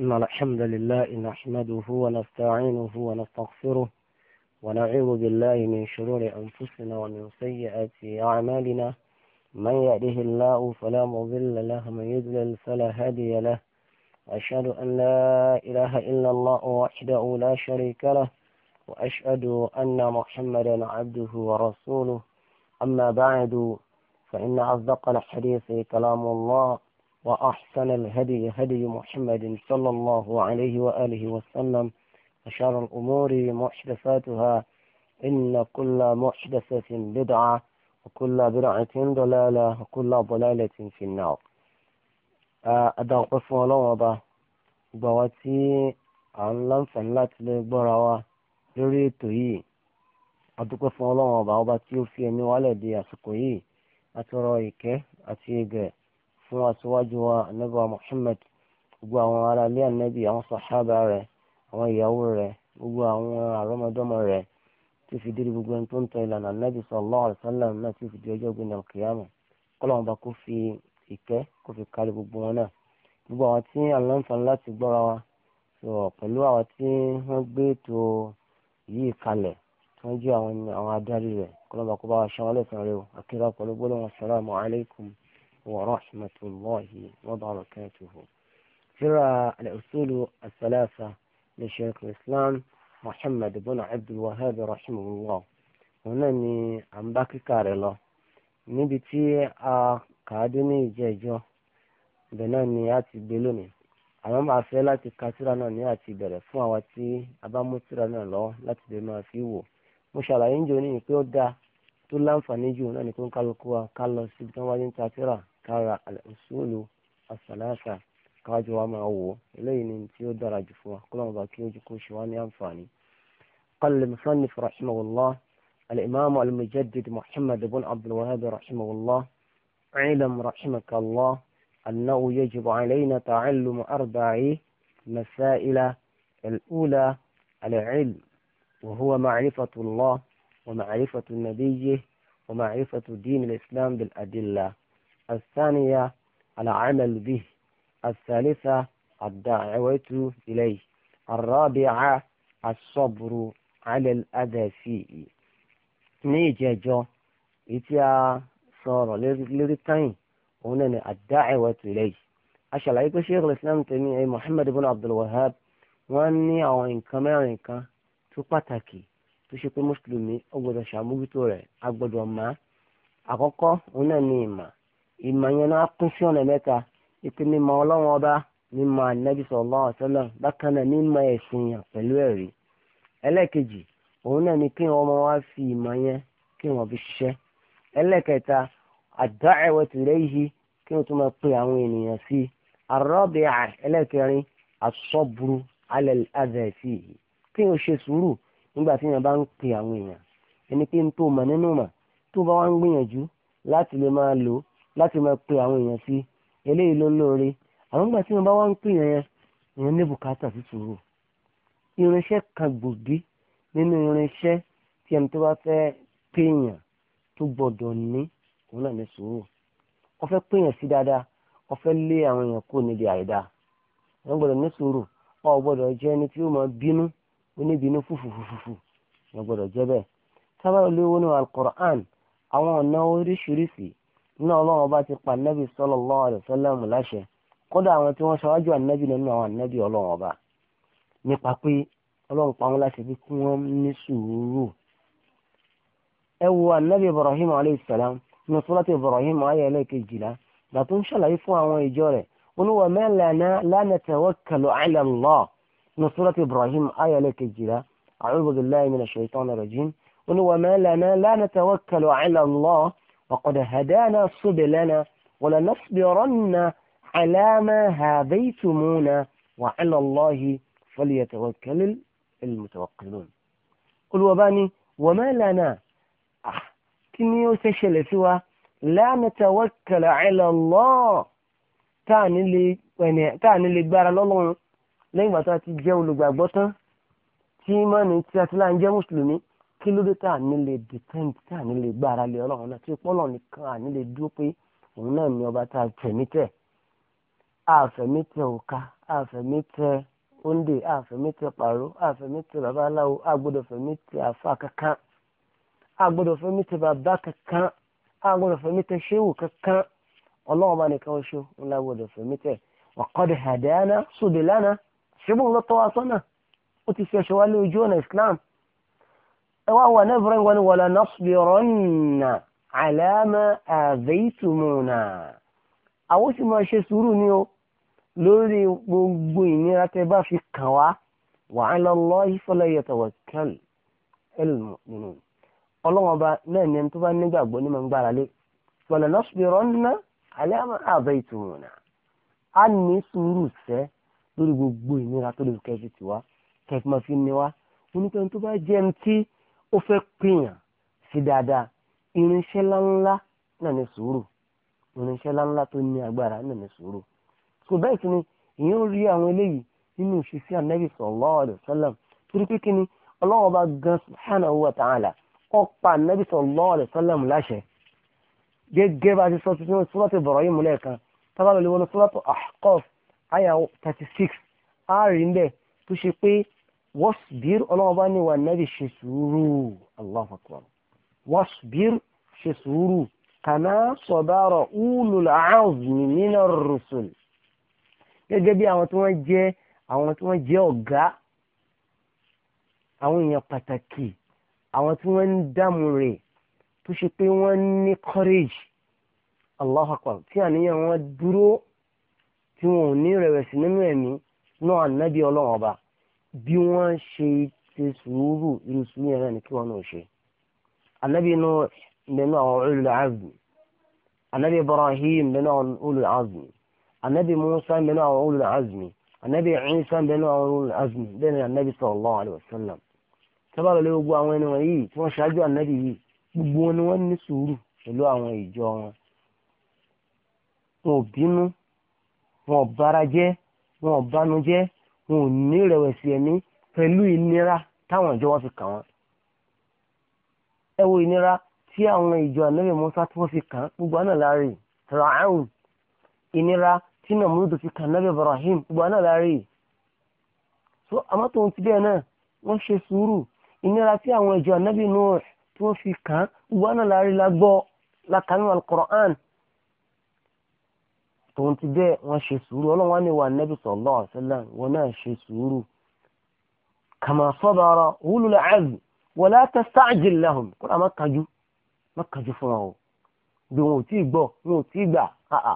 إن الحمد لله نحمده ونستعينه ونستغفره ونعوذ بالله من شرور أنفسنا ومن سيئات أعمالنا من يهده الله فلا مضل له من يضلل فلا هادي له أشهد أن لا إله إلا الله وحده لا شريك له وأشهد أن محمدا عبده ورسوله أما بعد فإن أصدق الحديث كلام الله وأحسن الهدي هدي محمد صلى الله عليه وآله وسلم وشر الأمور محدثاتها إن كل محدثة بدعة وكل بدعة ضلالة وكل ضلالة في النار أدعوكم الله وضع بواتي عن لنفن لاتل براوة لريتو يي أدعوكم الله وضع وضع تيوفي أمي والدي أسكو يي أترى إيكي fún aṣíwájú wa anábà Muhammad gbogbo àwọn ará ilé ànábì àwọn sàhábà rẹ̀ àwọn ìyàwó rẹ̀ gbogbo àwọn àrọ́mọdọ́mọ rẹ̀ tí fi dérí gbogbo ẹni tó ń tọ ìlànà ànábì sallallahu alaihi wasallam náà tí fi di ọjọ́ gbẹ̀nà kìyàmù kọ́lọ́mọba kó fi ìkẹ́ kó fi kárí gbogbo wọn náà gbogbo àwọn tí aláǹfààní láti gbọ́ra wa sọ pẹ̀lú àwọn tí wọ́n gbé ètò yìí kalẹ̀ tí wọ́n jẹ́ àwọn adarí rẹ̀ kọ́lọ́mọba kó bá wa ṣe wọn lẹ́sàn-án rẹ̀ o akérò pẹ̀lú gbọ́dọ̀ wọn assalamu ورحمة الله وبركاته ترى الأصول الثلاثة لشيخ الإسلام محمد بن عبد الوهاب رحمه الله هنا ني عم باكي كارلو níbi tí a kàádé ní ìjẹ́jọ́ ibẹ̀ náà ni a ti gbé lónìí àwọn máa fẹ́ láti ka tírà náà ní àti ìbẹ̀rẹ̀ fún àwa tí a bá mú tírà náà lọ láti lè máa fi wò mo ṣàlàyé ń jò níyìn pé ó dáa tó láǹfààní jù náà ni kó ń kálukú wa ká lọ síbi tí wọ́n máa wò eléyìí ń ta tíra kára àlùsùlù àsàlàsà káwájú wa máa wò ó eléyìí ni tí ó dára jù fún wa kó lọ́wọ́ bá kí ojú kó ṣe wá ní àǹfààní. kali قال المصنف رحمه الله الإمام المجدد محمد بن عبد الوهاب رحمه الله علم رحمك الله أنه يجب علينا تعلم أربع مسائل الأولى العلم وهو معرفة الله ومعرفة نبيه ومعرفة دين الإسلام بالأدلة الثانية العمل به الثالثة الدعوة إليه الرابعة الصبر على الأذى فيه جو إتيا صار لريتين ونن الدعوة إليه أشعر أيكو شيخ الإسلام تيمي محمد بن عبد الوهاب وأني أو إن كان تبتكي tó ṣe pé mùsùlùmí ó gbọ́dọ̀ ṣàmójútó rẹ̀ a gbọ́dọ̀ mọ̀ àkọ́kọ́ òun náà ni ìmọ̀ ìmọ̀ yẹn náà kún sí ọ̀nà mẹ́ta ìpè mímọ̀ ọlọ́run ọba mímọ̀ ànábì sallallahu alaihi bákan náà mímọ̀ ẹ̀sìn yàn pẹ̀lú ẹ̀rí ẹlẹ́ẹ̀kejì òun náà ni kí wọn fi ìmọ̀ yẹn kí wọn fi ṣiṣẹ́ ẹlẹ́ẹ̀kẹta ad-da'watu ilayhi kí wọn tún máa pe nígbà tí èèyàn bá ń pe àwọn èèyàn ẹni pé ń tó mọ̀ nínú mọ̀ tó bá wá ń gbìyànjú láti lè máa lò láti máa pe àwọn èèyàn sí eléyìí ló lóore àwọn nígbà tí èèyàn bá wá ń pè yẹn èèyàn ní bùkátà sí sùúrù irinṣẹ́ kan gbòógì nínú irinṣẹ́ tí ẹni tó bá fẹ́ pè yàn tó gbọ́dọ̀ ní òun náà ní sùúrù wọ́n fẹ́ pè sí dáadáa wọ́n lé àwọn èèyàn kúrò níbi àìdáa wọ́n gbọ́dọ̀ ní sùúrù ọ̀ gbọ́dọ̀ jẹ́ ẹni tí ó máa bínú oníbínú fùfùfùfù yẹn gbọ́dọ̀ jẹ́ bẹ́ẹ̀ sábàá olówó ní alukur'an àwọn ọ̀nà oríṣiríṣi nínú ọlọ́run ọba ti pa nẹ́bí sallallahu alaihi wasallam láṣẹ kódà àwọn tí wọ́n ṣáwájú ànẹ́bí nínú àwọn ànẹ́bí ọlọ́run ọba nípa pé ọlọ́run pa wọn láṣẹ bí kí wọ́n ní sùúrù ẹ wo ànẹ́bí ibrahim alayhi salam nínú surati ibrahim ayẹlẹ kejìlá gbàtún ṣàlàyé fún àwọn ìjọ rẹ̀ oníwà ma lana la natawakkalu ala Allah ní súrọ́tì ibrahim ayọ̀lẹ̀ kejìlá a'udhu billahi minash shaitani rajim ó ní wa ma lana la natawakkalu ala Allah wa qad hadana subulana wa lanasbiranna ala ma hadaytumuna wa ala Allahi falyatawakkalil mutawakkilun olùwọ́bá ni wa ma lana kí ni ó ṣe ṣẹlẹ̀ sí wa la natawakkala ala Allah táà ní lè gbára lọ́lọ́run lẹ́yìn ìgbà tó a ti jẹ́ olùgbàgbọ́ tán tí mọ́ni tí a ti láà ń jẹ́ mùsùlùmí kí ló dé tá à ní lè depend tá à ní lè gbára lé ọlọ́run náà tí pọ́lọ̀ nìkan à ní lè dúró pé òun náà ni ọba tá a fẹ̀mí tẹ̀ àfẹ̀mí tẹ òka àfẹ̀mí tẹ ondè àfẹ̀mí tẹ pàró àfẹ̀mí tẹ babaláwo àgbọ̀dọ̀ fẹ̀mí tẹ àfa kankan àgbọ̀dọ̀ fẹ̀mí tẹ bàbá kankan àgbọ̀dọ̀ fẹ̀mí tẹ ṣéwù kankan ọlọ́run bá nìkan ṣo ńlá gbọ́dọ̀ fẹ̀mí tẹ wàkọ́dẹ̀ hàdáná sódè lánàá ṣùgbọ́n ló tọ́ wa sọ́nà ó ti fi ẹ̀ṣọ́ wa ní ojú ọ̀nà islam ẹ wá wà náà fúnra wọn wala nasbiranna ala ma azaytumuna àwọn sì máa ṣe sùúrù ni o lórí gbogbo ìnira tẹ bá fi kàn wá wa ala Allahi fala yatawakkal al-mu'minun ọlọ́wọ́ba náà ni ẹni tó bá nígbàgbọ́ ní máa gbára lé wala nasbiranna ala ma azaytumuna á ní sùúrù sẹ́ẹ́ lórí gbogbo ìnira tó lè kẹfì tì wá kẹfì máa fi ní wá oníkẹ́ni tó bá jẹ́ ẹni tí ó fẹ́ pèèyàn sí dáadáa irinṣẹ́ ńláńlá náà ní sùúrù irinṣẹ́ ńláńlá tó ní agbára náà ní sùúrù kò bẹ́ẹ̀ sì ni ìyẹn ń rí àwọn eléyìí nínú ìṣesí anabi sallallahu alaihi wasallam torí pé kíni ọlọ́wọ́ bá gan subhanahu wa ta'ala ó pa anabi sallallahu alaihi wasallam láṣẹ gẹ́gẹ́ bá ti sọ tuntun sọ́lọ́tì Ibrahim lẹ́ẹ̀kan tábàlọ́lẹ́wọ́n sọ́lọ́tì Ahqaf àyà thirty six ààrẹ ń bẹ̀ tó ṣe pé wasbir ọlọ́wọ́ bá ní wà nábì ṣe sùúrù Allahu akbar wasbir ṣe sùúrù kàmá sọ̀bárọ̀ ulul azmi minar rusul gẹ́gẹ́ bí àwọn tí wọ́n jẹ́ àwọn tí wọ́n jẹ́ ọ̀gá àwọn èèyàn pàtàkì àwọn tí wọ́n ń dààmú rẹ̀ tó ṣe pé wọ́n ní courage Allahu tí àníyàn wọn dúró tí wọn ò ní rẹ̀wẹ̀sì nínú ẹ̀mí náà ànábì ọlọ́run ọba bí wọ́n ṣe ṣe sùúrù irú sùúrù yẹn náà ni kí wọ́n náà ṣe. inú nínú àwọn azmi Ibrahim nínú àwọn ulul Musa nínú àwọn Isa nínú àwọn ulul bẹ́ẹ̀ ni ànábì sallallahu alaihi lé gbogbo àwọn ẹni tí wọ́n ṣáájú yìí gbogbo ni wọ́n ní sùúrù pẹ̀lú àwọn ìjọ wọn. wọn wọn ò bára jẹ́ wọn ò bánu jẹ́ wọn ò ní ìrẹ̀wẹ̀sì ẹ̀mí pẹ̀lú ìnira táwọn ìjọ wọn fi kàn wọ́n. ẹ wo ìnira tí àwọn ìjọ ànábì Mùsá tí wọ́n fi kàn gbogbo àná láàrin ra'un ìnira tí Nàmúrúdù fi kàn ànábì Ibrahim gbogbo àná láàrin. so àmọ́ tòun ti bẹ́ẹ̀ náà wọ́n ṣe sùúrù ìnira tí àwọn ìjọ ànábì Nuh tí wọ́n fi kàn gbogbo àná láàrin lágbọ́ lákàánú al-Qur'an tòun ti bẹ́ẹ̀ wọ́n ṣe sùúrù ọlọ́run wá ní wa nẹ́bí sallallahu alaihi wasallam wọn náà ṣe sùúrù kama sabara ulul azm wala tasta'jil lahum kó dà má kájú má kájú fún wọn o bí wọn ò tí ì gbọ́ wọn ò tí ì gbà áà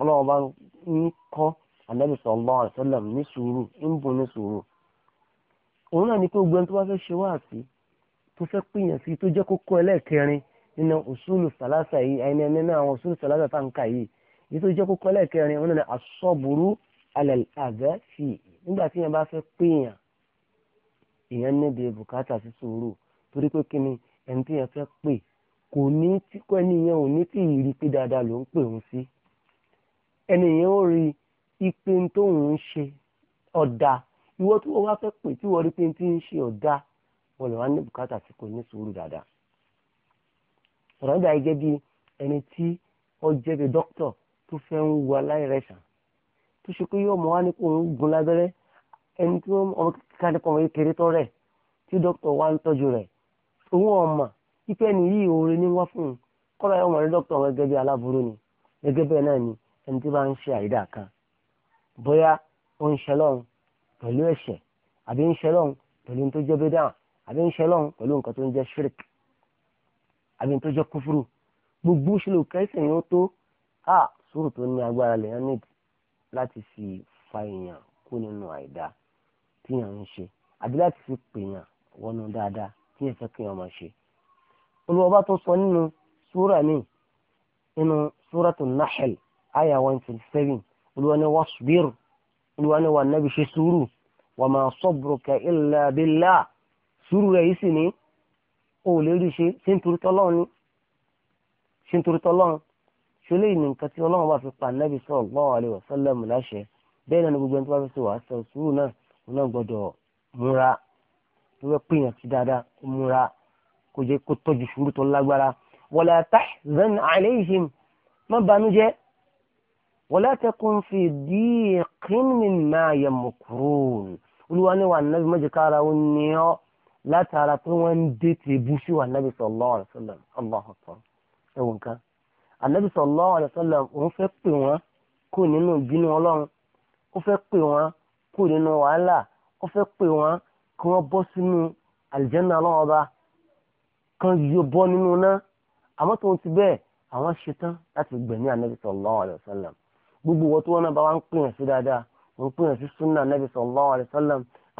ọlọ́run bá ń kọ́ ànẹ́bí sallallahu alaihi ní sùúrù ń bù ní sùúrù òun náà ni pé gbogbo ẹni tó bá fẹ́ ṣe wáàsí tó fẹ́ pìyàn sí tó jẹ́ kókó ẹlẹ́ẹ̀kẹrin nínú òṣùlù sàlásà yìí ẹni ẹni náà òṣùlù sàlásà tá à ń kà yìí èyí tó jẹ́ kókó ẹlẹ́ẹ̀kẹrin òun náà ni asọ́burú alẹ́ àgẹ́sì nígbà tí èèyàn bá fẹ́ pé èèyàn èèyàn níbi bùkátà sí sùúrù torí pé kí ni ẹni tí èèyàn fẹ́ pè kò ní tí kọ́ ẹni yẹn ò ní tí ì rí pé dáadáa ló ń pè òun sí ẹni yẹn ó rí ipe tóun ń ṣe ọ̀dà ìwọ tí wọ́n wá fẹ́ pè tí wọ́n rí pé tí ń ṣe ọ̀dà wọn lè wá ní bùkátà tí kò ní sùúrù dáadáa sọ̀rọ̀ nígbà gẹ́gẹ́ bí ẹni tí ó jẹ́ bí dókítọ̀ tó fẹ́ ń wu aláìrẹsàn tó ṣe pé yóò mọ wá ní kó ń gun lábẹ́rẹ́ ẹni tí wọ́n ọmọ kíkà ní kọ̀ọ̀mọ́ kékeré tọ́ rẹ̀ tí dókítà wá ń tọ́jú rẹ̀ òun ọ̀mà ipe ẹni yìí oore ní wá fún un kọ́ra ọmọ rẹ̀ dókítà wọn gẹ́gẹ́ bí aláburú ni gẹ́gẹ́ bẹ́ẹ̀ náà ni ẹni tí bá ń ṣe àìdá kan bóyá ó ń ṣẹlọ́run pẹ̀lú ẹ̀ṣẹ̀ àbí ń ṣẹlọ́run pẹ̀lú tó jẹ́ bídà àbí ń ṣẹlọ́run pẹ̀lú nǹkan tó ń jẹ́ shirk àbí tó jẹ́ kúfúrú gbogbo ṣe kẹ́sìn yóò tó sùúrù tó ní agbára lèèyàn ní láti fi fa èèyàn kú nínú àìdá tíyàn ń ṣe àbí láti fi pèèyàn wọnú dáadáa tíyàn fẹ́ kéèyàn máa ṣe. olùwọ́ba tó sọ nínú súrà míì nínú súratu Nahl àyà one twenty seven olùwọ́ ni wasbir olùwọ́ ni wà nábì ṣe sùúrù wa ma sabruka illa billah sùúrù rẹ̀ yìí sì ní o ò lè rí ṣe ṣé nítorí tọ́lọ́run ni ṣé nítorí tọ́lọ́run ṣọlẹ́ ìní nǹkan tí ọlọ́run bá fi pa nẹ́bí sallallahu alaihi wasallam láṣẹ bẹ́ẹ̀ náà ni gbogbo ẹni tó bá fẹ́ ṣe wàásù sùúrù náà wọn náà gbọ́dọ̀ múra tó fẹ́ pè yàn sí dáadáa kó múra kó jẹ́ kó tọ́jú sùúrù tó lágbára wala tahzan alaihim má banújẹ́ wala takun fi diqin mimma yamkurun olúwa ni wà nẹ́bí mọ́jẹ́kára ó ní ọ́ látara pé wọ́n ń dé tèbú sí wà nẹ́bí sallallahu alaihi wasallam Allahu anabi sallallahu alaihi wasallam òun fẹ́ pè wọ́n kú nínú ìbínú ọlọ́run ó fẹ́ pè wọ́n kú nínú wàhálà ó fẹ́ pè wọ́n kí wọ́n bọ́ sínú àlìjẹ́nà ọlọ́run ọba kan yọ bọ́ nínú náà àmọ́ tóun ti bẹ́ẹ̀ àwọn ṣetán láti gbẹ̀mí anabi sallallahu alaihi wasallam gbogbo wọn tó wọn náà bá wá ń pè yàn sí dáadáa wọn ń pè yàn sí sunna anabi sallallahu alaihi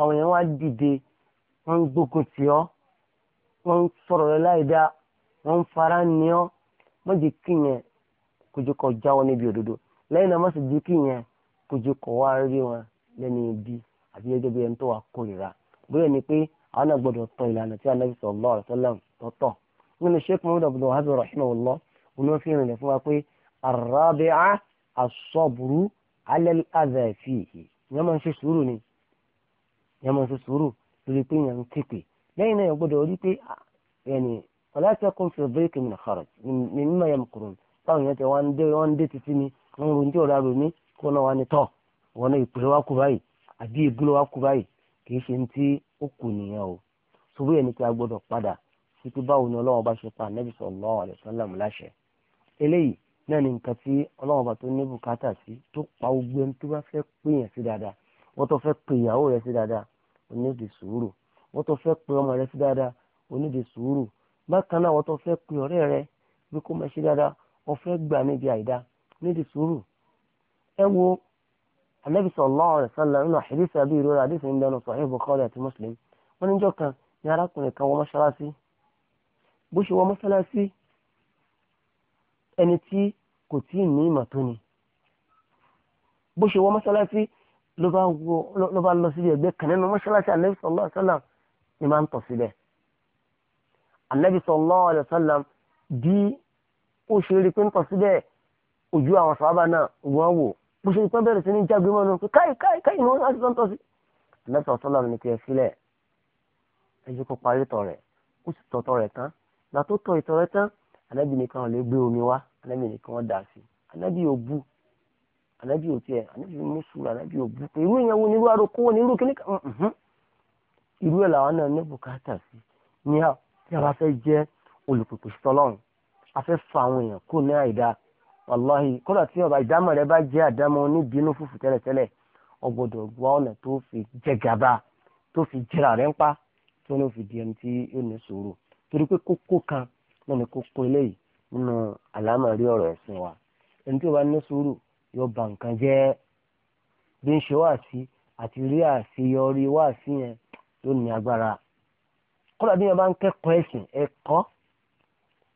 àwọn èèyàn wá dìde wọn gbógun tì ọ́ wọ́n sọ̀rọ̀ rẹ láìda wọ́n ń fara ní ọ́ má jẹ́ kí yẹn kó jẹ́ kó jáwọ́ níbi òdodo lẹ́yìn náà má sì jẹ́ kí yẹn kó jẹ́ kó wá rí wọn lẹ́ni ibi àti gẹ́gẹ́ bí ẹni tó wà kórìíra bóyá ni pé àwọn náà gbọ́dọ̀ tọ ìlànà tí anabi sallallahu alaihi wasallam tọ́tọ̀ nínú sheikh muhammed abdul wahab rahimahullah òun ló fi rìnlẹ̀ fún wa pé arabi'a asọ́bùrú alẹ́ azàfíì ìyẹn máa ń ṣe sùúrù ni ìyẹn máa ń ṣe sùúrù lórí pé ìyẹn ń képe lẹ́yìn náà gbọ́dọ̀ rí pé ah, فلا تكن في ضيق من خرج مما يمكرون táwọn èèyàn tẹ wọn dé wọn dé títí ni wọn ro ní ọ̀la ronú kó náà wà ní tọ́ wọn náà ìpìlẹ̀ wa kú báyìí àbí ìgúnlẹ̀ wa kú báyìí kì í ṣe ní tí ó kù nìyẹn o sórí ẹni tí a gbọdọ̀ padà sí pé báwo ni ọlọ́wọ́n bá ṣe pa ànábì sallallahu alaihi wasallam láṣẹ eléyìí náà ni nǹkan tí ọlọ́wọ́n bá tó ní bùkátà sí tó pa ogbó ẹni tó bá fẹ́ pè yàn sí dáadáa wọ́n tó fẹ́ pè ìyàwó rẹ̀ sí dáadáa ó ní di sùúrù wọ́n tó fẹ́ pè ọmọ rẹ̀ sí dáadáa ó ní di sùúrù bákan náà wọ́n tó fẹ́ pe ọ̀rẹ́ rẹ bí kò máa ṣe dáadáa wọ́n fẹ́ gbà níbi àìdá níbi sùúrù. ẹ wo anabi sallallahu alaihi wasallam nínú àṣírísà bí ìrora àdìsí ń dẹnu Sahih Bukhari àti Muslim wọn níjọ́ kan ní arákùnrin kan wọ mọ́ṣáláṣí bó ṣe wọ mọ́ṣáláṣí ẹni tí kò tí ì ní ìmọ̀ tó ni bó ṣe wọ mọ́ṣáláṣí ló bá lọ síbi ẹgbẹ́ kan nínú mọ́ṣáláṣí anabi sallallahu alaihi ni máa ń tọ̀ síbẹ̀ anabi sallallahu alayhi wa sallam bí ó ṣe rí pé ń tọ́sí bẹ́ẹ̀ ojú àwọn sábà náà wọ́n wò bó ṣe pẹ́ bẹ̀rẹ̀ sí ní jágbe mọ́ nù káì káì káì ni wọ́n sá sí tó ń tọ́sí. anabi sallallahu alayhi wa sallam ni kì í sílẹ̀ ẹ̀yẹ́ kó parí tọ̀ rẹ̀ ó sì tọ̀tọ̀ rẹ̀ tán gbà tó tọ̀ ìtọ̀ rẹ̀ tán anabi nìkan ò lè gbé omi wá anabi nìkan ò dà sí anabi ò bu anabi ò tiẹ̀ anabi ò mùsùlùmí anabi ò bu irú ìyẹn wo ni irú aroko wo ni irú kíníkà irú ẹ̀ làwọn náà ní bùkátà sí ní àwọn tí a bá fẹ́ jẹ́ olùpèpè sọlọ́run a fẹ́ fa àwọn èèyàn kù ní àìda wàláhì kódà tí ọba ìdámọ̀ rẹ bá jẹ́ àdámọ̀ oníbínú fùfù tẹ́lẹ̀tẹ́lẹ̀ o gbọ́dọ̀ gba ọ̀nà tó fi jẹ gàba tó fi jẹrà rẹ ń pa tí wọn fi di ẹni tí yóò ní sòrò torí pé kókó kan náà ni kókó eléyìí nínú àlámọ̀rí ọ̀rọ̀ ẹ̀sìn wa ẹni tí ó bá ní sùúrù yóò ba nǹkan jẹ́ bí ń ṣe wáàsí àti rí àṣeyọrí wáàsí yẹn ló ní agbára kọ́lá bí wọn bá ń kẹ́kọ̀ọ́ ẹ̀sìn ẹ̀kọ́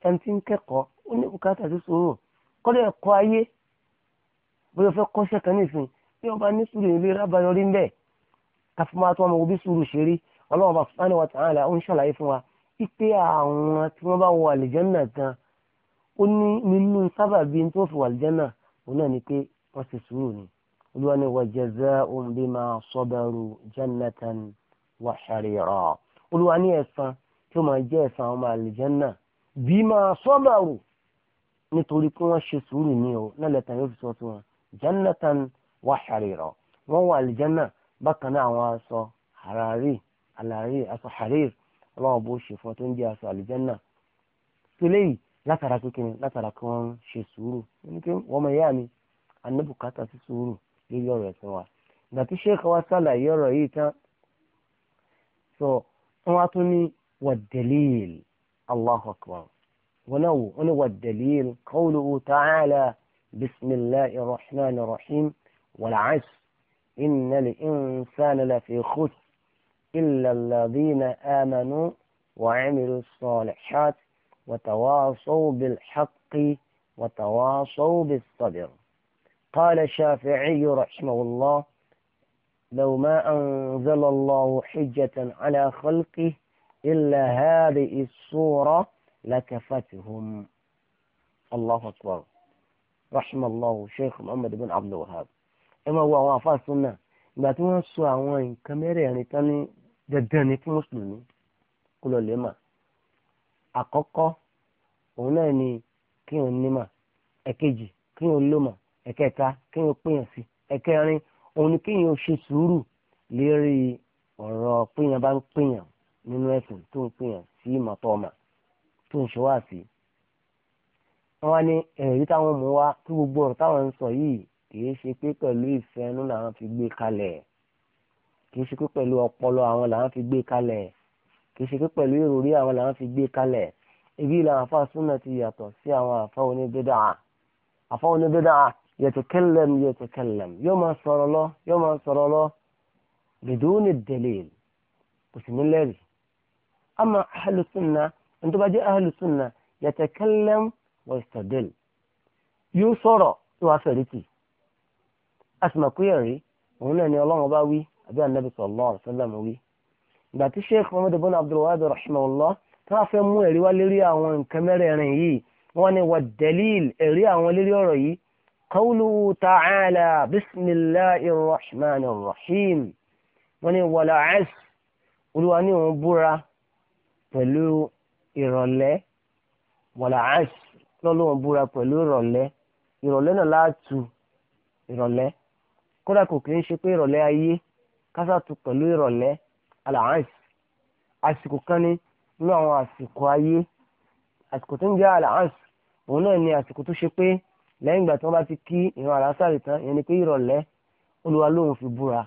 ẹni tí ń kẹ́kọ̀ọ́ ó ní bùkátà sí sòrò kọ́lá ẹ̀kọ́ ayé bóyá fẹ́ kọ́ṣẹ́ kan nísìn bí wọn bá ní sùúrù ìlú rábàyọ rí mbẹ́ káfíńmá tó wọn mọ̀ bí sùúrù ṣe rí ọlọ́wọ́n bá fún wa ta'ala ó ń ṣàlàyé fún wa ipe àwọn tí wọ́n bá wọ àlìjẹ́nà gan ó ní nínú sábàbí tó fi wà àlìjẹ́nà òun náà ni pé wọ́n ti sùúrù ni olúwa ni wa jazaa'um bima sabaru jannatan wa harira olúwa ní ẹ̀san tí ó máa jẹ́ ẹ̀san ọmọ àlìjẹ́nà bí máa sọ́bàrù nítorí pé wọ́n ṣe sùúrù ní o lẹ́lẹ́tàn yóò fi sọ sí wọn jannatan wa harira wọ́n wà àlìjẹ́nà bákan náà àwọn aṣọ harari alari aṣọ harir ọlọ́wọ́ bó ṣe fún ọ tó ń jẹ́ aṣọ àlìjẹ́nà sílẹ̀ yìí látara kékeré látara kí wọ́n ṣe sùúrù wọ́n mọ̀ yá mi anábùkátà sí sùúrù lórí ọ̀rọ̀ ẹ̀sìn wa ìgbà tí ṣé kọ́wá sálàyé ọ̀rọ̀ yìí tán sọ أعطني والدليل الله أكبر ونو ونو الدليل قوله تعالى بسم الله الرحمن الرحيم والعشر إن الإنسان لفي خسر إلا الذين آمنوا وعملوا الصالحات وتواصوا بالحق وتواصوا بالصبر قال الشافعي رحمه الله لو ما أنزل الله حجة على خلقه إلا هذه الصورة لكفتهم الله أكبر رحم الله شيخ محمد بن عبد الوهاب إما هو وافا السنة ìgbà tí wọ́n sọ àwọn nǹkan mẹ́rẹ̀ẹ̀rin tán ní dandan ni fún mùsùlùmí kó lọ lè mà àkọ́kọ́ òun náà ni kí n ní mà ẹ̀kejì kí n lò mà ẹ̀kẹta kí n pèèyàn sí ẹ̀kẹrin òun ni kéèyàn ṣe sùúrù lérí ọ̀rọ̀ péyàn bá ń péyàn nínú ẹ̀sìn tó ń péyàn sí ìmọ̀tọ́mà tó ń ṣe wá sí. wọ́n wá ní ẹ̀rí táwọn mú wá kí gbogbo ọ̀rọ̀ táwọn ń sọ yìí kìí ṣe pé pẹ̀lú ìfẹ́ inú làwọn fi gbé kalẹ̀ kìí ṣe pé pẹ̀lú ọpọlọ àwọn làwọn fi gbé kalẹ̀ kìí ṣe pé pẹ̀lú ìròrí àwọn làwọn fi gbé kalẹ̀ ibi làwọn àfa súnà ti yàtọ̀ sí àwọn àfa oníbẹ̀dà àfa oníbẹ̀dà yẹtẹkẹlẹm yẹtẹkẹlẹm yóò máa sọ̀rọ̀ lọ yóò máa sọ̀rọ̀ lọ biduni dalil kò sì ní lẹ́rìí ama ahlu sunna ntọ́bajẹ́ ahlu sunna yẹtẹkẹlẹm wẹ̀sítọ̀dẹ́l yóò sọ̀rọ̀ tó wàá fẹ̀rí tì asimakuyari òun náà ni ọlọ́run bá wí àbí anabi sallallahu alaihi wasallam wí ìgbà tí sheikh muhammad ibn abdulwahab rahimahullah tó wàá fẹ́ mú ẹ̀rí wá lérí àwọn nǹkan mẹ́rẹ̀ẹ̀rin yìí wọ́n ní wà dalil ẹ̀rí àwọn lérí ọ̀rọ̀ yìí قوله تعالى بسم الله الرحمن الرحيم وني ولا عس ولواني بورا pẹ̀lú ìrọ̀lẹ́ wala as lọ́lọ́run búra pẹ̀lú ìrọ̀lẹ́ ìrọ̀lẹ́ náà láàtú ìrọ̀lẹ́ kódà kò kì í kan ní nínú àwọn àsìkò ayé àsìkò tó ń jẹ́ lẹ́yìn ìgbà tí wọ́n bá ti kí ìran àlásàrì tán ìyẹn ni pé ìrọ̀lẹ́ olúwa lóhùn fi búra.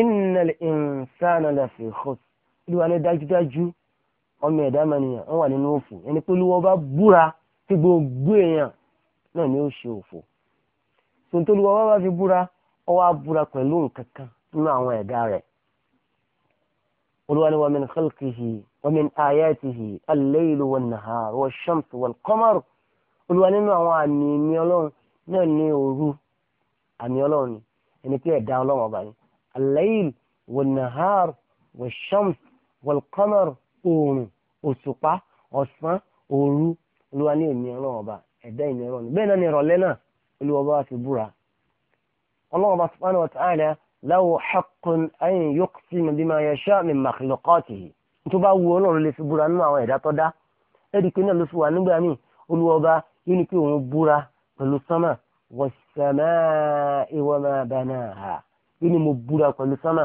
innal insana lafi khusr olúwa ní dájúdájú ọmọ ẹ̀dá mẹ́niyàn wọ́n wà nínú òfò ẹni pé olúwa bá búra tí gbogbo èèyàn náà ni ó ṣe òfò. tòun tó olúwa wá bá fi búra ó wá búra pẹ̀lú nǹkan kan nínú àwọn ẹ̀dá rẹ̀. olúwa ní wa min khalqihi wa min ayatihi al-laylu wan-nahar wash olúwa nínú àwọn àmì mi ọlọ́run náà ní òru àmì ọlọ́run ni ẹni pé ẹ̀dá ọlọ́run ọba ni alayil wọnahar wọshams wọlkọmọr oòrùn òṣùpá ọ̀sán òru olúwa ní èmi ọlọ́run ọba ẹ̀dá èmi ọlọ́run bẹ́ẹ̀ náà ni ìrọ̀lẹ́ náà olúwa bá fi búra ọlọ́run ọba subhanahu wa ta'ala lahu haqqun an yuqsim bima yasha min makhluqatihi nítorí bá wu lè fi búra nínú àwọn ẹ̀dá tó dá ẹ̀rí pé náà ló fi wà nígbà míì olúwa ọba yóò ní kí òun búra pẹ̀lú sánmà wọ̀sánmà ìwọ máa bẹ̀rẹ̀ ha yóò ní mo búra pẹ̀lú sánmà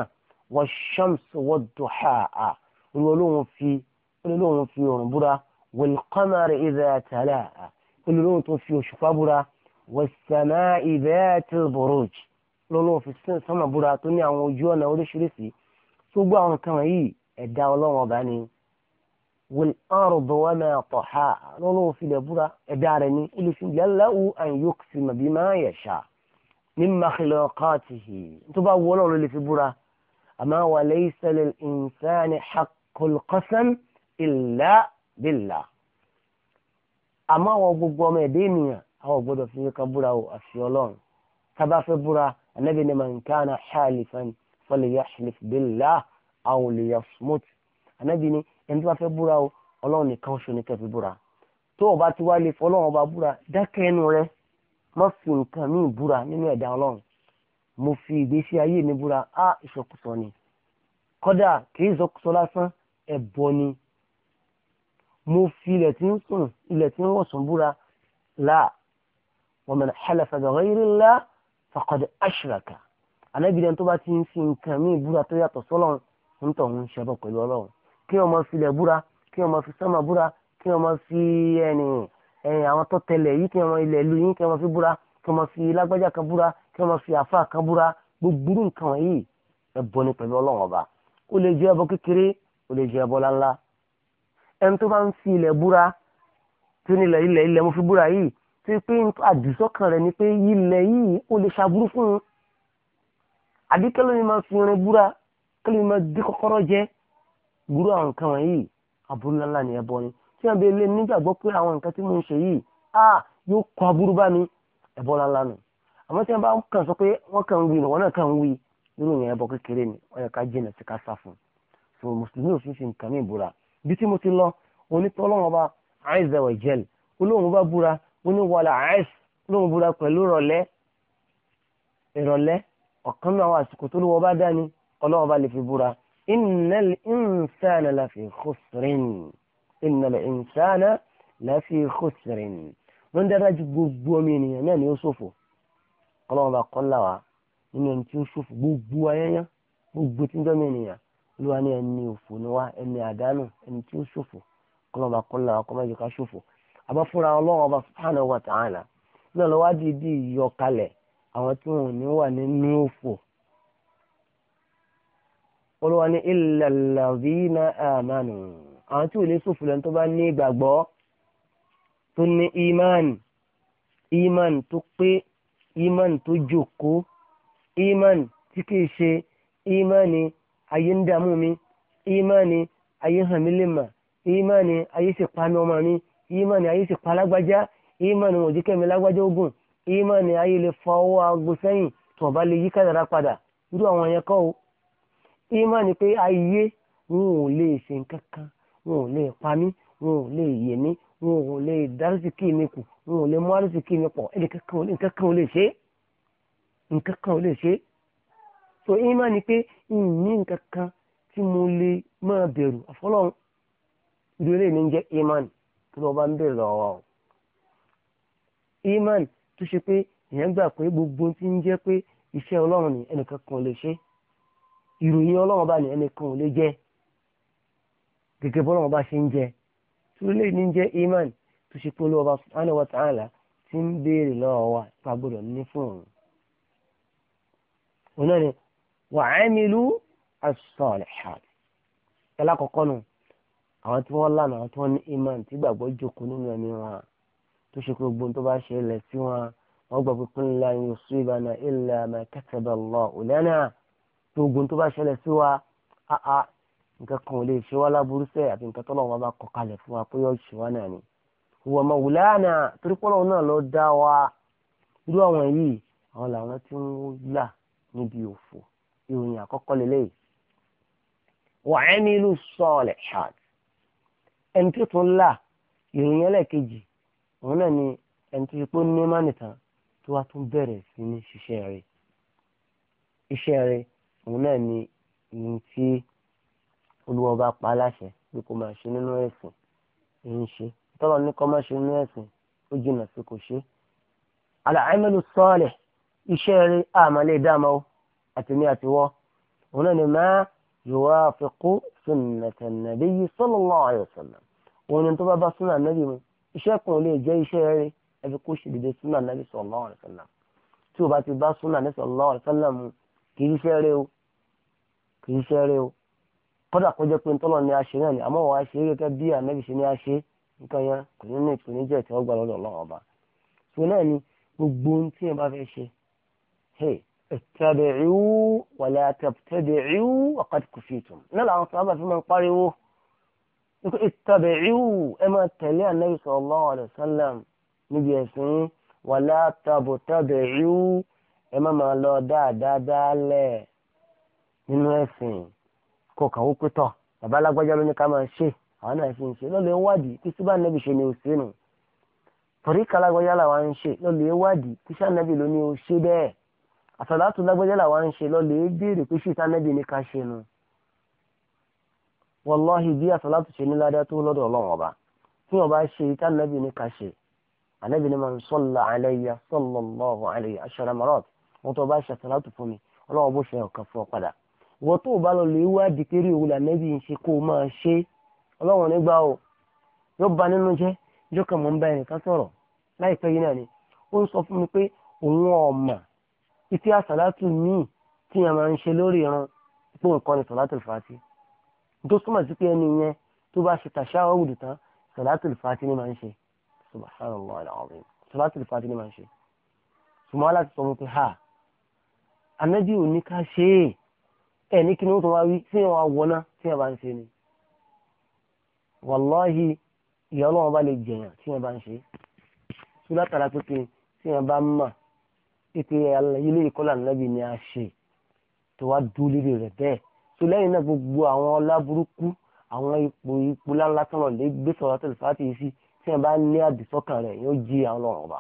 wọ̀ṣọ́mṣ wọ́dùhà ha olùwọ́lóhùn fi olùwọ́lóhùn fi òrùn búra wọ̀lùkọ́mọ̀rẹ̀ ìdá tàlà ha olùwọ́lóhùn tó fi òṣùpá búra wọ̀sánmà ìdá tìlbùrùj olùwọ́lóhùn fi sánmà búra tó ní àwọn ojú ọ̀nà oríṣiríṣi tó gbọ́ àwọn kan wọ̀nyí ẹ̀dá ọlọ́run ọba ni wal ardi wa ma tahaha lọ́lọ́wọ́ filẹ̀ búra ẹ̀dá rẹ̀ ní olùsìnjẹ́ lahu an yuqsima bima yasha min makhluqatihi tó bá wọ́ lọ́rọ̀ lè fi búra àmọ́ wa laysa lil insani haqqul qasam illa billah àmọ́ àwọn gbogbo ọmọ ẹ̀dá ènìyàn àwọn gbọ́dọ̀ fi yíká búra o àfi ọlọ́run tá bá fẹ́ búra ànábì ní man kana halifan falyashlif billah aw liyasmut ànábì ẹni tó bá fẹ́ búra o ọlọ́run nìkan ṣo ní kẹfì búra tó o bá ti wá lè fọlọ́run ọba búra dákẹ́ ẹnu rẹ má fi nǹkan míì búra nínú ẹ̀dá ọlọ́run mo fi ìgbésí ayé mi búra á ìṣọkùsọ ni kódà kì í ìṣọkùsọ lásán ẹ̀bọ ni mo fi ilẹ̀ tí ń sùn ilẹ̀ tí ń wọ̀sùn búra la wa man halafa bi ghayri Allah faqad ashraka anábìrin tó bá ti ń fi nǹkan míì búra tó yàtọ̀ sọ́lọ́run ń tọ̀ ń pẹ̀lú ọlọ́run kí wọ́n máa filẹ̀ búra kí wọ́n máa fi sánmà búra kí wọ́n máa fi ẹnì ẹyìn àwọn tó tẹlẹ̀ yìí kí wọ́n máa ilẹ̀ lu yìí kí wọ́n máa fi búra kí wọ́n máa fi lágbájá kan búra kí wọ́n máa fi àfa kan búra gbogbo nǹkan wọ̀nyí ẹbọ ni pẹ̀lú ọlọ́run ọba ó lè jẹ́ ẹbọ kékeré ó lè jẹ́ ẹbọ láńlá ẹni tó bá ń fi ilẹ̀ búra tó ní ilẹ̀ ilẹ̀ ilẹ̀ mo fi búra yìí tó pé àdùsọ́kàn rẹ̀ ni pé ilẹ̀ yìí ó lè ṣàbúrú fún un àdìkẹ́lẹ́ mi máa fi irin búra kẹ́lẹ́ máa dí kọ́kọ́rọ́ jẹ́ gbúrú àwọn nǹkan wọ̀nyí aburú ńláńlá ni ẹbọ ni tí wọn bẹ lé nígbàgbọ́ pé àwọn nǹkan tí mo ń ṣe yìí a yóò kọ aburú bá mi ẹbọ ńláńlá nù àmọ́ tí wọn bá kàn sọ pé wọn kàn ń wí wọn náà kàn ń wí irú yẹn ẹbọ kékeré ni wọn yẹ ká jìnà sí ká sá fún so mùsùlùmí òfin fi nǹkan ní ìbúra bí tí mo ti lọ onítọ́ wa Jal olóhùn bá búra oníwàlà àìs olóhùn búra pẹ̀lú ìrọ̀lẹ́ ìrọ̀lẹ́ ọ̀kan náà àwọn àsìkò tó lówó bá dání ọlọ́run ọba lè fi búra innal insana lafi khusrin innal insana lafi khusrin wọ́n dára ju gbogbo ọmọ ènìyàn náà ni ó ṣòfò kọ́lọ́wọ́n bá kọ́ làwà nínú ẹni tí ó ṣòfò gbogbo ayẹyẹ gbogbo tí ń dọ́mọ ènìyàn olúwa ní ẹni òfò ni wá ẹni àdánù ẹni tí ó ṣòfò kọ́lọ́wọ́n bá kọ́ làwà kọ́ má jẹ́ ká ṣòfò àbá fúnra ọba subhanahu wa ta'ala náà lọ́wọ́ á di ìdí ìyọkalẹ̀ àwọn tí wọn ò ní wà nínú òfò olúwa ní illal ladhina amanu àwọn tí ò lè sòfò lẹ́nu tó bá ní ìgbàgbọ́ tó ní ìmánì ìmánì tó pé ìmánì tó jòkó ìmánì tí kìí ṣe ìmánì ayé ń dààmú mi ìmánì ayé hàn mí lè mà ìmánì ayé sì pa mi ọmọ mi ìmánì ayé sì pa lágbájá ìmánì wọn ò jí kẹ́mi lágbájá ogun ìmánì ayé lè fọ ọwọ́ agbo sẹ́yìn tó o bá lè yí kádàrá padà irú àwọn yẹn kọ́ o ìmọ̀ ni pé ayé wọn ò lè ṣe nǹkan kan wọn ò lè pa mí wọn ò lè yè mí wọn ò lè dárísìkì mi kù wọn ò lè mú àrísìkì mi pọ̀ nǹkan kan ò lè ṣe nǹkan kan ò lè ṣe so ìmọ̀ ni pé ìní nǹkan kan tí mo lè máa bẹ̀rù àfọlọ́run ìdúró mi ń jẹ́ ìmọ̀ tó lọ́ọ́ bá ń bẹ̀rù lọ́wọ́ o ìmọ̀ tó ṣe pé ìyẹn gbà pé gbogbo ti ń jẹ́ pé iṣẹ́ ọlọ́run ni ẹnìkan kan ò lè ṣe ìròyìn ọlọ́run bá ní ẹnìkan ò lè jẹ́ gẹ́gẹ́ bọ́lọ́run bá ṣe ń jẹ túlẹ̀ ní jẹ́ iman tó ṣe pé olúwa subhanahu wa ta'ala ti ń béèrè lọ́wọ́ wa pa gbọ́dọ̀ ní fún òun. òun náà ni wa amilu as-salihat ẹlákọ̀ọ́kọ́ nù àwọn tí wọ́n lànà àwọn tí wọ́n ní iman tí gbàgbọ́ jókòó nínú ẹ̀mí wọn tó ṣe pé gbogbo tó bá ṣe lẹ̀ sí wọn wọ́n gbàgbọ́ pé la yusibana illa ma kataba Allahu lana gbogbo tó bá ṣẹlẹ̀ sí wa áá nǹkan kan ò lè ṣe wá láburú sẹ́ àti nǹkan tọ́lọ́ wọn bá kọ kalẹ̀ fún wa pé yóò ṣe wá náà ni. ìwà ọmọ wùláàna torí pọ́lọ́ náà lọ dá wa irú àwọn yìí àwọn làwọn tí ń là níbi òfò ìròyìn àkọ́kọ́ lélẹ́yìí. wà á ní ìlú sọ̀ọ̀lẹ̀ ṣáàt ẹni tó tún là ìròyìn ẹlẹ́ẹ̀kejì òun náà ni ẹni tó ṣe pé ní mánìtàn tó wá tún bẹ̀rẹ̀ sí ní ṣiṣẹ́ rẹ̀ iṣẹ́ rẹ̀ òun náà ni ìyìn tí olúwa bá pa láṣẹ pé kó máa ṣe nínú ẹ̀sìn ń ṣe tọ́lọ̀ ní kó máa ṣe nínú ẹ̀sìn ó jìnnà sí kò ṣe. al-amalu salih iṣẹ́ rẹ̀ àmàlẹ́ dáàmà ó àtẹ̀mí àtiwọ́ òun náà ni máa yuwafiqu sunnata nabiyyi sallallahu alaihi wasallam òun ni tó bá bá súnà nàbí mu iṣẹ́ kan ò lè jẹ́ iṣẹ́ rẹ̀ ẹbí kó ṣe dédé súnà nàbí sallallahu alaihi wasallam tí o bá ti bá súnà nàbí sallallahu alaihi wasallam mu kì í ṣe rẹ̀ o kì í ṣeré o kódà kó jẹ́ pé ntọ́lọ̀ ni a ṣe náà ni àmọ́ wàá ṣe é gẹ́gẹ́ bí ànábì ṣe ni a ṣe nǹkan yẹn kò ní ní ìpèníjà tí wọ́n gbà lọ́dọ̀ ọlọ́run ọba so náà ni gbogbo ohun tí yẹn bá fẹ́ ṣe ittabi'u wa la tabtadi'u wa qad kufitum náà làwọn sábà fi máa ń pariwo ittabi'u ẹ máa tẹ̀lé ànábì sallallahu alaihi nínú ẹ̀sìn kọkàn ó pétọ̀ bàbá alágbájá ló ní ká máa ṣe àwọn náà sì ń ṣe lọ́lọ́ ìwádìí kí síbá nẹ́bí ṣe ni ò sínú torí kálágbájá làwọn ń ṣe lọ́lọ́ ìwádìí kí sànẹ́bí ló ní ó ṣe bẹ́ẹ̀ àsàlátù lágbájá làwọn ń ṣe lọ́lọ́ ìbéèrè pé ṣì sànẹ́bí ní ká ṣe nu wọlọ́hì bí àsàlátù ṣe ní ládá tó lọ́dọ̀ ọlọ́run ọba tí wọn bá ṣe sànẹ́bí ní ká ṣe ànẹ́bí wọ́n tó bá lọ lè wádìí kéré òun lànàbí ń ṣe kó o máa ṣe ọlọ́run nígbà o yóò ba nínú jẹ́ yóò kàn mọ́ ń bá ẹnìkan sọ̀rọ̀ láìpẹ́ yìí náà ni ó ń sọ fún mi pé òun ọ̀mà ìfẹ́ àsàlátù míì tí yẹn máa ń ṣe lórí irun pé nǹkan ni sọ̀látù fàtí tó túmọ̀ sí pé ẹni yẹn tó bá ṣe tàṣà ọ̀wùdù tán sọ̀látù fàtí ni máa ń ṣe subhanallah alazim sọ̀látù fàtí ni máa ń ṣe ṣùgbọ́n aláti sọ fún pé ha anabi ò ní ká ṣe é ẹ̀ ní kí ni ó tún wá wí tí wọ́n wọná tí wọ́n bá ń ṣe ni wàláhì ìyá ọlọ́run bá lè jẹ̀yàn tí wọ́n bá ń ṣe tí látara pípé tí wọ́n bá ń mà pípé ilé ìkọlà nàbì ni a ṣe tó wá dúró lérí rẹ̀ bẹ́ẹ̀ tó lẹ́yìn náà gbogbo àwọn ọlá burúkú àwọn ipò ipò láńlá tán lọ lè gbé sọ̀rọ̀ àtẹ̀lẹ̀ fàtì yìí sí tí wọ́n bá ní àdìsọ́kàn rẹ̀ yóò jí àwọn ọlọ́run ọba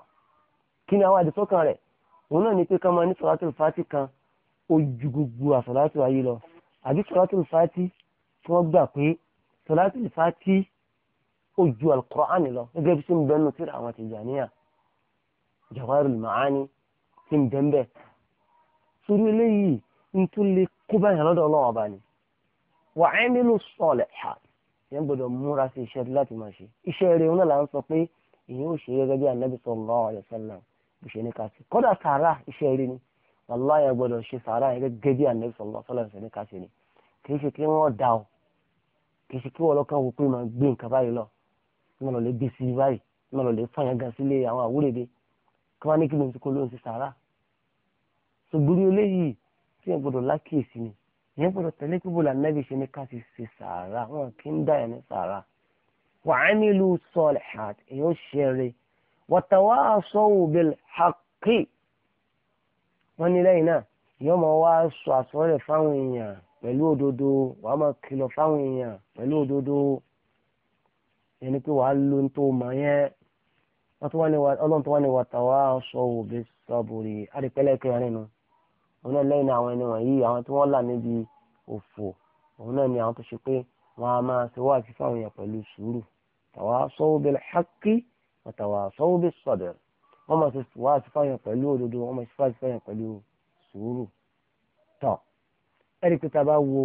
kí ni àwọn àdìsọ́kàn rẹ̀ òun náà ni pé ká máa ní sọ̀rọ̀ àtẹ̀lẹ̀ fàtì kan ó ju gbogbo àsọ̀látù ayé lọ àbí sọ̀látù fati tí wọ́n gbà pé sọ̀látù fati ó ju alukur'an lọ gẹ́gẹ́ bí sínú bẹ́ẹ̀ nù tíra àwọn Tìjàníyà Jawahirul Ma'ani tí ń bẹ́ẹ̀ bẹ́ẹ̀ torí eléyìí ń tún lè kó báyìí lọ́dọ̀ ọlọ́wọ́n ọba ni wà á nínú sọ̀lẹ̀ ha yẹn gbọ́dọ̀ múra sí iṣẹ́ láti máa ṣe iṣẹ́ rẹ̀ wọn là ń sọ pé èyí ò ṣe gẹ́gẹ́ bí anabi sallallahu alaihi wasallam bó ní ká sí kódà iṣẹ́ rẹ̀ ni wàláyé gbọ́dọ̀ ṣe sàárà yẹn gẹ́gẹ́ bí ànẹ́bí sọ̀rọ̀ sọ́lá ṣe ní káṣí ni kì í ṣe kí wọ́n dà o kì í ṣe kí wọ́n lọ́kàn wò pé màá gbé nǹkan báyìí lọ mọ̀ lọ́lẹ́ gbé sí báyìí mọ̀ lọ́lẹ́ fàyàn ga sílé àwọn àwúrẹ́dẹ kí wọ́n ní kí lóun ti kó lóun ti sàárà. ṣùgbọ́n eléyìí tí yẹn gbọ́dọ̀ lákìyèsí ni yẹn gbọ́dọ̀ tẹ̀lé pípọ̀ lànàbì ṣe ní káṣí ṣe sàárà wọn kì í dà yẹn ní sàárà. wa amilu salihat èèyàn wọ́n ní lẹ́yìn náà ìyá ọmọ wa sọ àsọ̀rẹ̀ fáwọn èèyàn pẹ̀lú òdodo wàá máa kìlọ̀ fáwọn èèyàn pẹ̀lú òdodo yẹn ni pé wàá lo ní tó mọ̀ yẹn ọlọ́run tó wá ní wàtà wá sọ òbí sọ́bùrì àdìpẹ́lẹ́ kẹrin nínú òun náà lẹ́yìn àwọn ẹni wọ̀nyí àwọn tí wọ́n là níbi òfò òun náà ni àwọn tó ṣe pé wọ́n á máa ṣe wáàsí fáwọn èèyàn pẹ̀lú sùúrù tàwa sọ́wọ́ bil wàtà wá sọ́wọ́ bis wọ́n máa ṣe wá àṣìfàyàn pẹ̀lú òdodo wọ́n máa ṣe àṣìfàyàn pẹ̀lú sùúrù tán ẹ̀rí pé tá a bá wo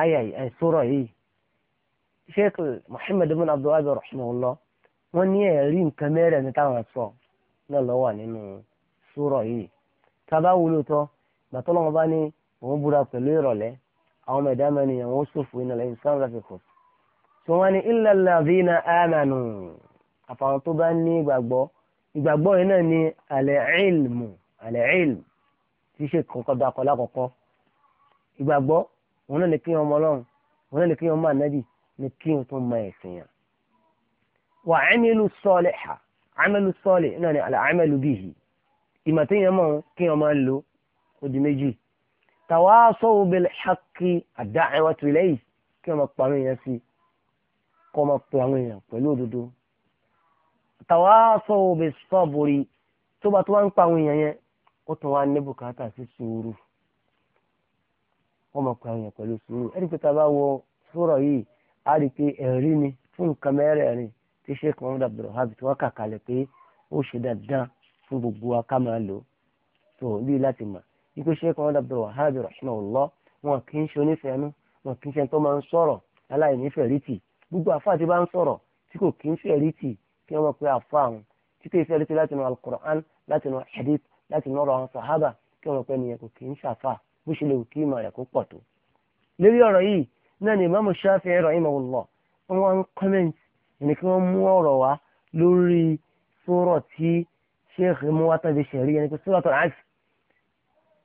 àyà ẹ̀sọ́rọ̀ yìí sheikh muhammed bin abdullahi rahimahullah wọ́n ní ẹ̀rí nǹkan mẹ́rẹ̀ ní táwọn sọ náà lọ́wọ́ nínú sùúrọ̀ yìí tá a bá wo lóòótọ́ gbàtọ́ lọ́wọ́ bá ní òun búra pẹ̀lú ìrọ̀lẹ́ àwọn ọmọ ẹ̀dá mẹ́rin ìyàwó sòfò ìnàlẹ́ ìsàn láti kù tí wọ́n ní illa alladhina amanu àfàwọn tó bá ní ìgbàgbọ́ ìgbàgbọ́ yẹn náà ni àlẹ́ ìlmù àlẹ́ ìlmù tí ṣe kọ́kọ́ da kọ́ lákọ̀ọ́kọ́ ìgbàgbọ́ òun náà ni kí ọmọ ọlọ́run òun náà ni kí ọmọ ànábì ni kí n tún mọ ẹ̀sìn yẹn. wà á amilu saliha amilu salih náà ni àlẹ́ amilu bihi ìmọ̀ tí yẹn mọ̀ kí ọmọ lò ó di méjì tawasaw bil tawaasaw bis sabri tó bá tó wá ń pa àwọn èèyàn yẹn ó tún wá ní bùkátà sí sùúrù wọ́n máa pa àwọn èèyàn pẹ̀lú sùúrù ẹ̀rí pé tá a bá wọ sura yìí a rí i pé ẹ̀rí ni fún nǹkan mẹ́rẹ̀ẹ̀rin tí sheikh muhammed abdulrahab tí wọ́n kà kalẹ̀ pé ó ṣe dandan fún gbogbo wa ká máa lò tó bí láti mọ̀ ikú sheikh muhammed abdulrahab rahimahullah wọn kì í ṣe onífẹ̀ẹ́nu wọn kì í ṣe tó máa ń sọ̀rọ̀ aláìnífẹ̀ẹ́ gbogbo àfáà tí bá ń sọ̀rọ̀ tí kò kì í fẹ̀ẹ́ كما في فهم كتير في لتي لاتنو القرآن لاتنو الحديث لاتنو رواه الصحابة كما كان يقول كين شافا مش لو كيما يقول قطو لو يرى إيه نani ما مشافع رحمه الله هو أن comments يعني كم مو لوري سورة شيخ مواتا بشهري يعني سورة العز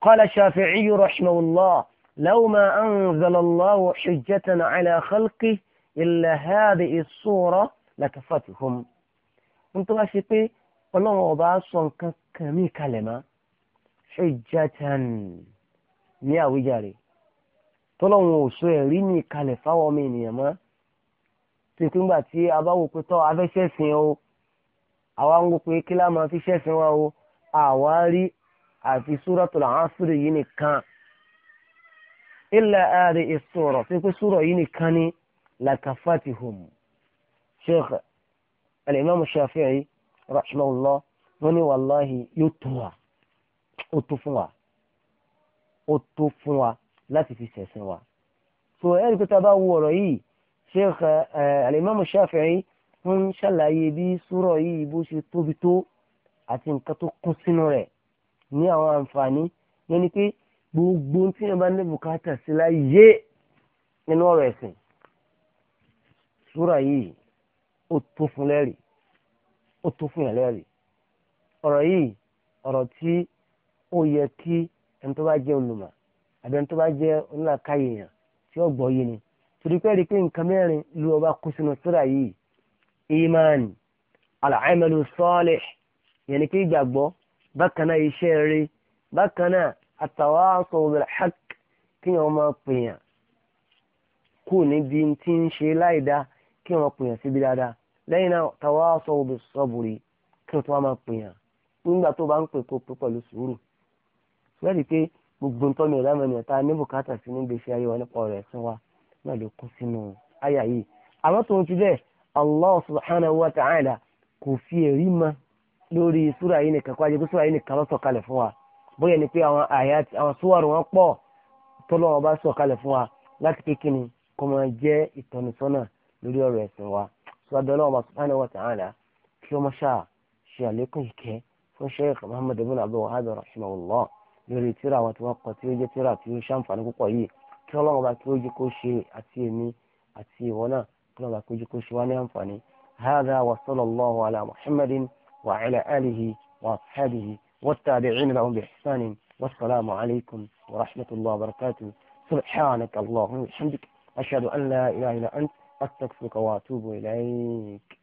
قال الشافعي رحمه الله لو ما أنزل الله حجة على خلقه إلا هذه الصورة لكفتهم n tó bá ṣe pé ọlọ́run ọba sọ nǹkan kan mí kalẹ̀ mọ́ hujjatan ní àwíjàre tọ́lọ́run ò sọ ẹ̀rí ní ìkalẹ̀ fáwọn ọmọ ènìyàn mọ́ tó ìpín gbà tí a bá wò pé tọ́ afẹ́sẹ̀sìn o àwa ń wò pé kí láà máa fi ṣẹ̀sìn wa o àwa rí àfi suratul asr yìí nìkan illa ààrẹ ìsọ̀rọ̀ tó pé sura yìí nìkan ni làkàfàtìhùm sheikh al-Imam Shafi'i rahimahullah wọ́n ní wàláhì yóò tó wa ó tó fún wa ó tó fún wa láti fi ṣẹ̀sìn wa. so ẹ̀rí pé tá a bá wo ọ̀rọ̀ yìí Sheikh al-Imam Shafi'i ń ṣàlàyé bí súrọ̀ yìí bó ṣe tóbi tó àti nǹkan tó kún sínú rẹ̀ ní àwọn àǹfààní yẹn ni pé gbogbo tí yẹn bá ní bùkátà sí láyé nínú ọ̀rọ̀ ẹ̀sìn súrọ̀ yìí ó tó fún lẹ́rìí ó tó fún yàn lẹ́rìí ọ̀rọ̀ yìí ọ̀rọ̀ tí ó yẹ kí ẹni tó bá jẹ́ olùmọ̀ àbí ẹni tó bá jẹ́ onílàkàyè yàn tí ó gbọ́ yìí ni torí rí i pé nǹkan mẹ́rin ló ọba kó sínú síra yìí imani al-amalu salih yẹn ni kí ìgbàgbọ́ bákan náà iṣẹ́ rí bákan náà at-tawasaw bil-haqq kí wọ́n máa pèèyàn kú níbi tí ń ṣe láìdáa kí wọ́n pèèyàn síbi dáadáa lẹ́yìn náà tawasaw bis-sabri kí wọ́n tó wá máa pèèyàn nígbà tó bá ń pè kó pé pẹ̀lú sùúrù sùúrù pé gbogbo nǹkan mi ò dáhùn ẹni ẹ̀ta ní bùkátà sí ní gbèsè ayé wa nípa ọ̀rọ̀ ẹ̀sìn wa náà ló kún sínú àyà yìí àmọ́ tó ń ti bẹ́ẹ̀ Allah subhanahu wa ta'ala kò fi ẹ̀rí mọ́ lórí súra yìí nìkan kwájú pé súra yìí nìkan ló sọ̀kalẹ̀ fún wa bóyá ni pé àwọn àyà àwọn súwárù wọn pọ̀ tọ́lọ́wọ́ bá sọ̀kalẹ̀ fún wa láti kékeré kó máa jẹ́ ìtọ́nisọ́nà lórí ọ̀rọ̀ ẹ̀sìn wa sọ́dọ̀ ọlọ́run subhanahu wa ta'ala kí ó máa ṣáà ṣe àlékún ìkẹ́ fún sheikh muhammad ibn abdul wahab rahimahullah lórí tíra wa tí wọ́n kọ tí ó jẹ́ tíra tí ó ṣàǹfààní púpọ̀ yìí kí ọlọ́run bá kí ó jẹ́ kó ṣe àti èmi àti ìwọ náà kí ọlọ́run bá kí ó jẹ́ kó ṣe wá ní àǹfààní. هذا وصلى الله على محمد وعلى آله وأصحابه والتابعين لهم بإحسان والسلام عليكم ورحمة الله وبركاته سبحانك اللهم وبحمدك أشهد أن لا إله إلا أنت أستغفرك وأتوب إليك